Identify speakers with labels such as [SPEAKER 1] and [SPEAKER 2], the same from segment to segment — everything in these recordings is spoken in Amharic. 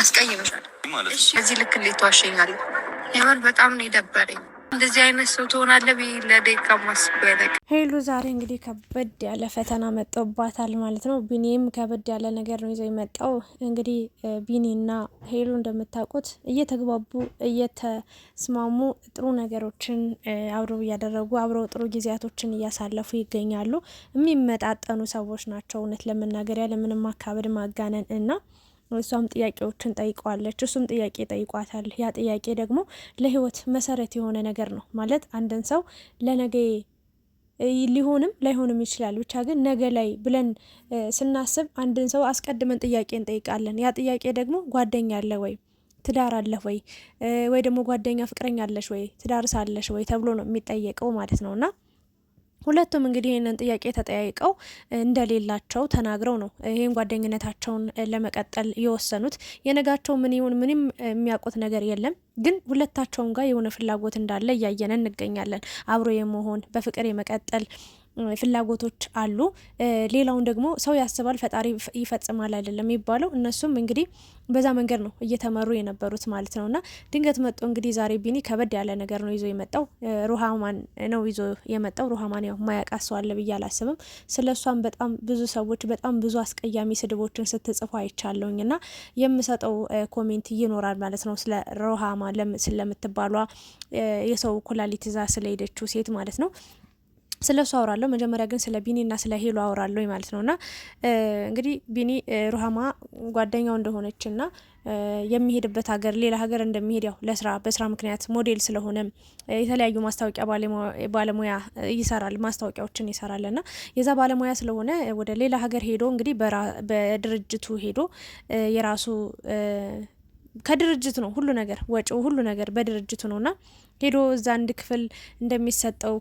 [SPEAKER 1] አስቀይምሻል እዚህ ልክ እንዴት ተዋሸኛል? የምር በጣም ነው የደበረኝ። እንደዚህ አይነት ሰው ትሆናለህ ብዬ ለደቂቃ ማስብ
[SPEAKER 2] ሄሉ ዛሬ እንግዲህ ከበድ ያለ ፈተና መጠባታል ማለት ነው። ቢኒም ከበድ ያለ ነገር ነው ይዘው የመጣው እንግዲህ ቢኒና ሄሉ እንደምታውቁት እየተግባቡ እየተስማሙ ጥሩ ነገሮችን አብረው እያደረጉ አብረው ጥሩ ጊዜያቶችን እያሳለፉ ይገኛሉ። የሚመጣጠኑ ሰዎች ናቸው እውነት ለመናገር ያለምንም አካበድ ማጋነን እና እሷም ጥያቄዎችን ጠይቀዋለች፣ እሱም ጥያቄ ጠይቋታል። ያ ጥያቄ ደግሞ ለህይወት መሰረት የሆነ ነገር ነው ማለት አንድን ሰው ለነገ ሊሆንም ላይሆንም ይችላል። ብቻ ግን ነገ ላይ ብለን ስናስብ አንድን ሰው አስቀድመን ጥያቄ እንጠይቃለን። ያ ጥያቄ ደግሞ ጓደኛ አለ ወይ ትዳር አለህ ወይ ወይ ደግሞ ጓደኛ ፍቅረኛ አለሽ ወይ ትዳርሳለሽ ወይ ተብሎ ነው የሚጠየቀው ማለት ነውና ሁለቱም እንግዲህ ይህንን ጥያቄ ተጠያይቀው እንደሌላቸው ተናግረው ነው ይህን ጓደኝነታቸውን ለመቀጠል የወሰኑት። የነጋቸው ምን ይሁን ምንም የሚያውቁት ነገር የለም፣ ግን ሁለታቸውም ጋር የሆነ ፍላጎት እንዳለ እያየነ እንገኛለን። አብሮ የመሆን በፍቅር የመቀጠል ፍላጎቶች አሉ። ሌላውን ደግሞ ሰው ያስባል ፈጣሪ ይፈጽማል አይደለም የሚባለው። እነሱም እንግዲህ በዛ መንገድ ነው እየተመሩ የነበሩት ማለት ነው። እና ድንገት መጦ እንግዲህ ዛሬ ቢኒ ከበድ ያለ ነገር ነው ይዞ የመጣው። ሩሃማን ነው ይዞ የመጣው። ሩሃማን ያው ማያውቃት ሰው አለ ብዬ አላስብም። ስለ እሷም በጣም ብዙ ሰዎች በጣም ብዙ አስቀያሚ ስድቦችን ስትጽፉ አይቻለውኝ እና የምሰጠው ኮሜንት ይኖራል ማለት ነው ስለ ሩሃማ ስለምትባሏ የሰው ኩላሊት ስለሄደችው ሴት ማለት ነው። ስለ እሱ አውራለሁ። መጀመሪያ ግን ስለ ቢኒና ስለ ሄሉ አውራለሁ ማለት ነውና እንግዲህ ቢኒ ሩሃማ ጓደኛው እንደሆነችና የሚሄድበት ሀገር ሌላ ሀገር እንደሚሄድ ያው ለስራ በስራ ምክንያት ሞዴል ስለሆነ የተለያዩ ማስታወቂያ ባለሙያ ይሰራል፣ ማስታወቂያዎችን ይሰራል እና የዛ ባለሙያ ስለሆነ ወደ ሌላ ሀገር ሄዶ እንግዲህ በድርጅቱ ሄዶ የራሱ ከድርጅት ነው ሁሉ ነገር ወጪው ሁሉ ነገር በድርጅቱ ነውና ሄዶ እዛ አንድ ክፍል እንደሚሰጠው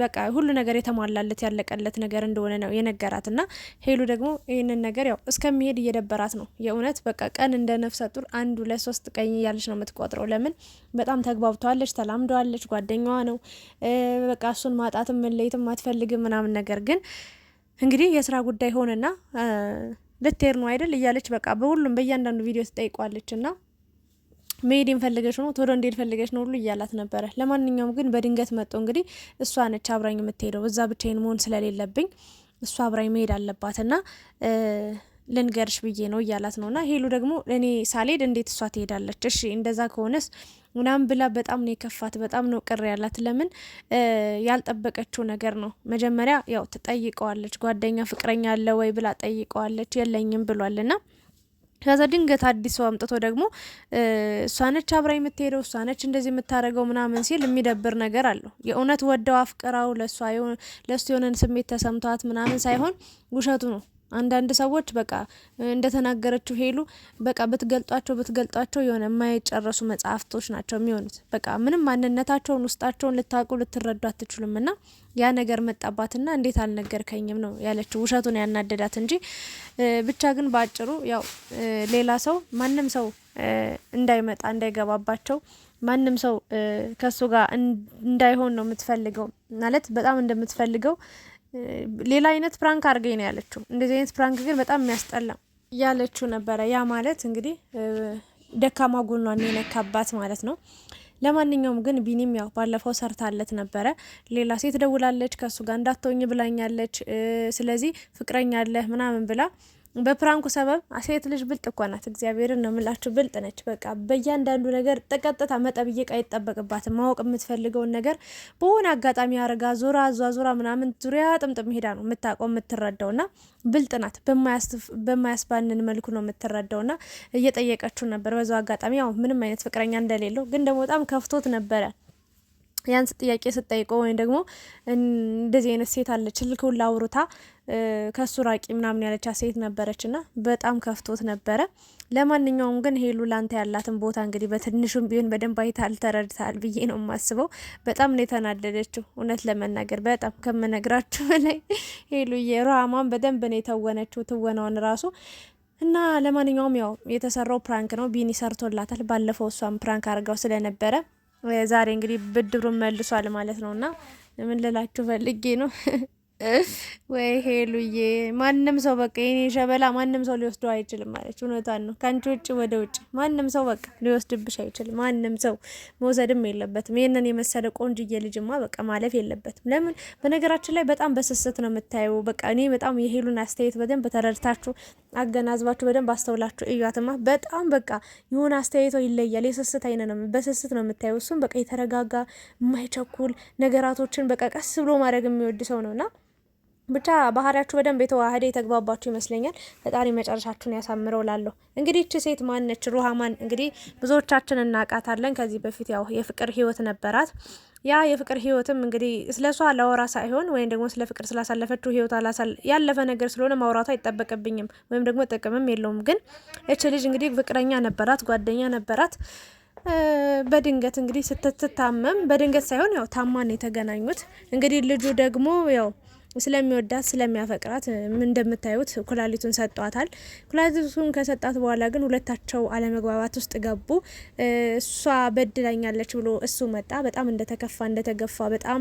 [SPEAKER 2] በቃ ሁሉ ነገር የተሟላለት ያለቀለት ነገር እንደሆነ ነው የነገራት። እና ሄሉ ደግሞ ይህንን ነገር ያው እስከሚሄድ እየደበራት ነው የእውነት በቃ ቀን እንደ ነፍሰ ጡር አንድ ሁለት ሶስት ቀኝ እያለች ነው የምትቆጥረው። ለምን በጣም ተግባብተዋለች፣ ተላምደዋለች፣ ጓደኛዋ ነው በቃ እሱን ማጣትም መለየትም አትፈልግም ምናምን። ነገር ግን እንግዲህ የስራ ጉዳይ ሆነና ልትሄድ ነው አይደል እያለች በቃ በሁሉም በእያንዳንዱ ቪዲዮ ትጠይቋለች እና መሄድ ፈልገሽ ነው ቶሎ እንዴት ፈልገሽ ነው ሁሉ እያላት ነበረ። ለማንኛውም ግን በድንገት መጦ እንግዲህ እሷ ነች አብራኝ የምትሄደው እዛ ብቻዬን መሆን ስለሌለብኝ እሷ አብራኝ መሄድ አለባትና ልንገርሽ ብዬ ነው እያላት ነው። እና ሄሉ ደግሞ እኔ ሳልሄድ እንዴት እሷ ትሄዳለች? እሺ እንደዛ ከሆነስ ምናምን ብላ በጣም ነው የከፋት። በጣም ነው ቅር ያላት። ለምን ያልጠበቀችው ነገር ነው። መጀመሪያ ያው ትጠይቀዋለች፣ ጓደኛ ፍቅረኛ አለ ወይ ብላ ጠይቀዋለች። የለኝም ብሏልና ከዛ ድንገት አዲስ ሰው አምጥቶ ደግሞ እሷነች አብራ የምትሄደው ነች እንደዚህ የምታደርገው ምናምን ሲል የሚደብር ነገር አለው። የእውነት ወደው አፍቅራው ለእሱ የሆነ ስሜት ተሰምቷት ምናምን ሳይሆን ውሸቱ ነው። አንዳንድ ሰዎች በቃ እንደተናገረችው ሄሉ በቃ ብትገልጧቸው ብትገልጧቸው የሆነ የማይጨረሱ መጽሐፍቶች ናቸው የሚሆኑት። በቃ ምንም ማንነታቸውን ውስጣቸውን ልታውቁ ልትረዱ አትችሉም። እና ያ ነገር መጣባትና እንዴት አልነገርከኝም ነው ያለችው። ውሸቱን ያናደዳት እንጂ ብቻ ግን በአጭሩ ያው ሌላ ሰው ማንም ሰው እንዳይመጣ እንዳይገባባቸው ማንም ሰው ከእሱ ጋር እንዳይሆን ነው የምትፈልገው ማለት በጣም እንደምትፈልገው ሌላ አይነት ፕራንክ አድርገኝ ነው ያለችው። እንደዚህ አይነት ፕራንክ ግን በጣም የሚያስጠላ ያለችው ነበረ። ያ ማለት እንግዲህ ደካማ ጎኗን የነካባት ማለት ነው። ለማንኛውም ግን ቢኒም ያው ባለፈው ሰርታለት ነበረ። ሌላ ሴት ደውላለች፣ ከእሱ ጋር እንዳትሆኝ ብላኛለች። ስለዚህ ፍቅረኛ አለህ ምናምን ብላ በፕራንኩ ሰበብ ሴት ልጅ ብልጥ እኮ ናት። እግዚአብሔርን ነው የምላችሁ፣ ብልጥ ነች። በቃ በእያንዳንዱ ነገር ጠቀጥታ መጠብየቅ አይጠበቅባትም። ማወቅ የምትፈልገውን ነገር በሆነ አጋጣሚ አርጋ ዞራ ዙራ ምናምን ዙሪያ ጥምጥም ሄዳ ነው የምታውቀው የምትረዳው፣ ና ብልጥ ናት። በማያስባንን መልኩ ነው የምትረዳው። ና እየጠየቀችው ነበር። በዛው አጋጣሚ ያው ምንም አይነት ፍቅረኛ እንደሌለው ግን ደግሞ በጣም ከፍቶት ነበረ ያንስ ጥያቄ ስጠይቀው ወይም ደግሞ እንደዚህ አይነት ሴት አለች ልክውላ አውርታ ከእሱ ራቂ ምናምን ያለቻ ሴት ነበረች እና በጣም ከፍቶት ነበረ። ለማንኛውም ግን ሄሉ ላንተ ያላትን ቦታ እንግዲህ በትንሹም ቢሆን በደንብ አይታል፣ ተረድታል ብዬ ነው የማስበው። በጣም ነው የተናደደችው እውነት ለመናገር በጣም ከመነግራችሁ በላይ ሄሉ የሮሃማን በደንብ ነው የተወነችው ትወናውን ራሱ እና ለማንኛውም ያው የተሰራው ፕራንክ ነው። ቢኒ ሰርቶላታል። ባለፈው እሷም ፕራንክ አድርገው ስለነበረ ዛሬ እንግዲህ ብድሩን መልሷል ማለት ነውና ምን ልላችሁ ፈልጌ ነው። ወይ ሄሉዬ ማንም ሰው በቃ የኔ ሸበላ ማንም ሰው ሊወስደው አይችልም ማለች። እውነቷን ነው። ከአንቺ ውጭ ወደ ውጭ ማንም ሰው በቃ ሊወስድብሽ አይችልም። ማንም ሰው መውሰድም የለበትም። ይህንን የመሰለ ቆንጅዬ ልጅማ በቃ ማለፍ የለበትም። ለምን በነገራችን ላይ በጣም በስስት ነው የምታየው። በቃ እኔ በጣም የሄሉን አስተያየት በደንብ ተረድታችሁ አገናዝባችሁ በደንብ አስተውላችሁ እያትማ። በጣም በቃ የሆነ አስተያየቷ ይለያል። የስስት አይነ ነው በስስት ነው የምታየው። እሱም በቃ የተረጋጋ የማይቸኩል ነገራቶችን በቃ ቀስ ብሎ ማድረግ የሚወድ ሰው ነውና ብቻ ባህሪያችሁ በደንብ የተዋህደ የተግባባችሁ ይመስለኛል። ፈጣሪ መጨረሻችሁን ያሳምረው ላለሁ። እንግዲህ እቺ ሴት ማነች? ሩሃማን እንግዲህ ብዙዎቻችን እናውቃታለን። ከዚህ በፊት ያው የፍቅር ህይወት ነበራት። ያ የፍቅር ህይወትም እንግዲህ ስለ እሷ ላወራ ሳይሆን ወይም ደግሞ ስለ ፍቅር ስላሳለፈችው ህይወት ያለፈ ነገር ስለሆነ ማውራቱ አይጠበቅብኝም ወይም ደግሞ ጥቅምም የለውም። ግን እች ልጅ እንግዲህ ፍቅረኛ ነበራት፣ ጓደኛ ነበራት። በድንገት እንግዲህ ስትታመም በድንገት ሳይሆን ያው ታማን የተገናኙት እንግዲህ ልጁ ደግሞ ያው ስለሚወዳት ስለሚያፈቅራት እንደምታዩት ኩላሊቱን ሰጧታል። ኩላሊቱን ከሰጣት በኋላ ግን ሁለታቸው አለመግባባት ውስጥ ገቡ። እሷ በድላኛለች ብሎ እሱ መጣ። በጣም እንደተከፋ እንደተገፋ በጣም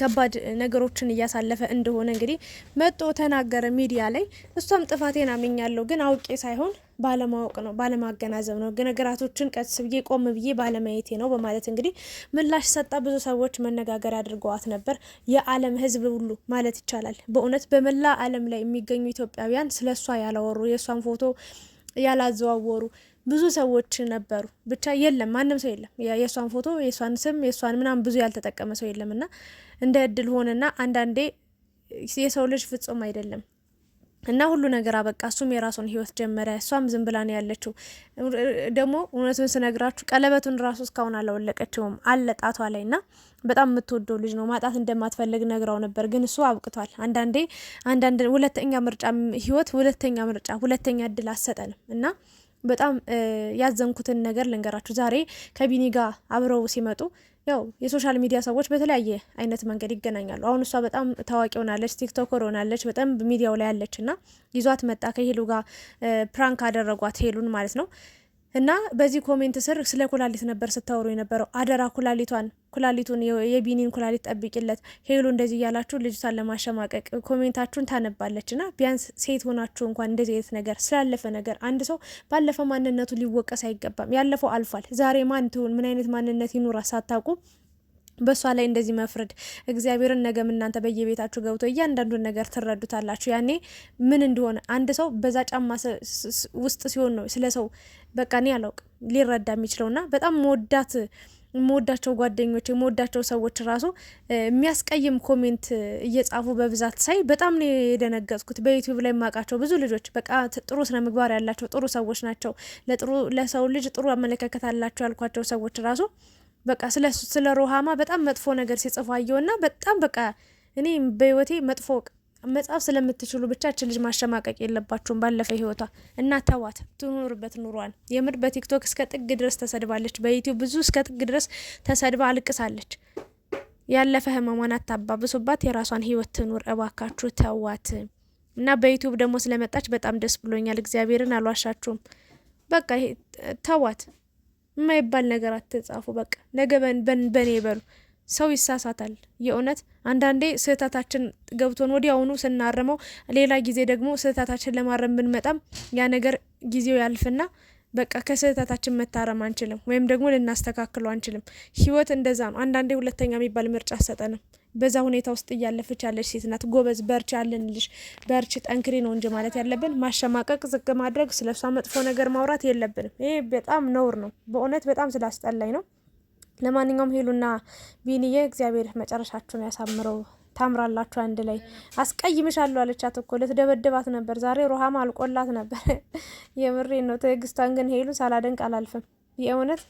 [SPEAKER 2] ከባድ ነገሮችን እያሳለፈ እንደሆነ እንግዲህ መጦ ተናገረ ሚዲያ ላይ። እሷም ጥፋቴን አምኛለሁ፣ ግን አውቄ ሳይሆን ባለማወቅ ነው ባለማገናዘብ ነው ነገራቶችን ቀስ ብዬ ቆም ብዬ ባለማየቴ ነው በማለት እንግዲህ ምላሽ ሰጣ። ብዙ ሰዎች መነጋገር አድርገዋት ነበር። የዓለም ሕዝብ ሁሉ ማለት ይቻላል በእውነት በመላ ዓለም ላይ የሚገኙ ኢትዮጵያውያን ስለሷ ያላወሩ የእሷን ፎቶ ያላዘዋወሩ ብዙ ሰዎች ነበሩ። ብቻ የለም ማንም ሰው የለም። የእሷን ፎቶ የእሷን ስም የእሷን ምናምን ብዙ ያልተጠቀመ ሰው የለም። እና እንደ እድል ሆነና አንዳንዴ የሰው ልጅ ፍጹም አይደለም እና ሁሉ ነገር አበቃ። እሱም የራሱን ህይወት ጀመረ። እሷም ዝም ብላ ነው ያለችው። ደግሞ እውነቱን ስነግራችሁ ቀለበቱን ራሱ እስካሁን አላወለቀችውም አለ ጣቷ ላይ እና በጣም የምትወደው ልጅ ነው። ማጣት እንደማትፈልግ ነግራው ነበር፣ ግን እሱ አብቅቷል። አንዳንዴ አንዳንድ ሁለተኛ ምርጫ ህይወት ሁለተኛ ምርጫ ሁለተኛ እድል አሰጠንም እና በጣም ያዘንኩትን ነገር ልንገራችሁ። ዛሬ ከቢኒ ጋር አብረው ሲመጡ ያው የሶሻል ሚዲያ ሰዎች በተለያየ አይነት መንገድ ይገናኛሉ። አሁን እሷ በጣም ታዋቂ ሆናለች፣ ቲክቶከር ሆናለች፣ በጣም ሚዲያው ላይ ያለች እና ይዟት መጣ። ከሄሉ ጋር ፕራንክ አደረጓት ሄሉን ማለት ነው። እና በዚህ ኮሜንት ስር ስለ ኩላሊት ነበር ስታወሩ የነበረው። አደራ ኩላሊቷን ኩላሊቱን የቢኒን ኩላሊት ጠብቂለት ሄሉ እንደዚህ እያላችሁ ልጅቷን ለማሸማቀቅ ኮሜንታችሁን ታነባለች። እና ቢያንስ ሴት ሆናችሁ እንኳን እንደዚህ አይነት ነገር ስላለፈ ነገር አንድ ሰው ባለፈ ማንነቱ ሊወቀስ አይገባም። ያለፈው አልፏል። ዛሬ ማን ትሁን ምን አይነት ማንነት ይኑራ ሳታውቁ በእሷ ላይ እንደዚህ መፍረድ እግዚአብሔርን ነገም እናንተ በየቤታችሁ ገብቶ እያንዳንዱን ነገር ትረዱታላችሁ። ያኔ ምን እንደሆነ አንድ ሰው በዛ ጫማ ውስጥ ሲሆን ነው ስለ ሰው በቃ እኔ አላውቅም ሊረዳ የሚችለውና በጣም መወዳት የምወዳቸው ጓደኞች የምወዳቸው ሰዎች ራሱ የሚያስቀይም ኮሜንት እየጻፉ በብዛት ሳይ በጣም ነው የደነገጥኩት። በዩቲዩብ ላይ የማውቃቸው ብዙ ልጆች በቃ ጥሩ ስነ ምግባር ያላቸው ጥሩ ሰዎች ናቸው፣ ለጥሩ ለሰው ልጅ ጥሩ አመለካከት አላቸው ያልኳቸው ሰዎች ራሱ በቃ ስለ ሮሃማ በጣም መጥፎ ነገር ሲጽፉ አየውና በጣም በቃ እኔ በህይወቴ መጥፎ መጽሐፍ ስለምትችሉ ብቻ እች ልጅ ማሸማቀቅ የለባችሁም። ባለፈ ህይወቷ እና ተዋት ትኑርበት ኑሯን። የምር በቲክቶክ እስከ ጥግ ድረስ ተሰድባለች። በዩቲዩብ ብዙ እስከ ጥግ ድረስ ተሰድባ አልቅሳለች። ያለፈ ህመሟን አታባብሱባት። የራሷን ህይወት ትኑር እባካችሁ፣ ተዋት እና በዩቲዩብ ደግሞ ስለመጣች በጣም ደስ ብሎኛል። እግዚአብሔርን አልዋሻችሁም። በቃ ተዋት። የማይባል ነገር አትጻፉ። በቃ ነገ በኔ በሉ። ሰው ይሳሳታል። የእውነት አንዳንዴ ስህተታችን ገብቶን ወዲያውኑ ስናርመው፣ ሌላ ጊዜ ደግሞ ስህተታችን ለማረም ብንመጣም ያ ነገር ጊዜው ያልፍና በቃ ከስህተታችን መታረም አንችልም፣ ወይም ደግሞ ልናስተካክሉ አንችልም። ህይወት እንደዛ ነው። አንዳንዴ ሁለተኛ የሚባል ምርጫ አሰጠንም። በዛ ሁኔታ ውስጥ እያለፈች ያለች ሴት ናት። ጎበዝ በርቺ፣ አለንልሽ፣ በርች ጠንክሪ ነው እንጂ ማለት ያለብን። ማሸማቀቅ፣ ዝቅ ማድረግ፣ ስለሷ መጥፎ ነገር ማውራት የለብንም። ይሄ በጣም ነውር ነው። በእውነት በጣም ስላስጠላኝ ነው። ለማንኛውም ሄሉና ቢኒዬ እግዚአብሔር መጨረሻችሁን ያሳምረው። ታምራላችሁ አንድ ላይ አስቀይምሻለሁ አለቻት እኮ ልትደበድባት ነበር ዛሬ ሮሃም አልቆላት ነበር የምሬን ነው ትዕግስቷን ግን ሄሉ ሳላደንቅ አላልፍም የእውነት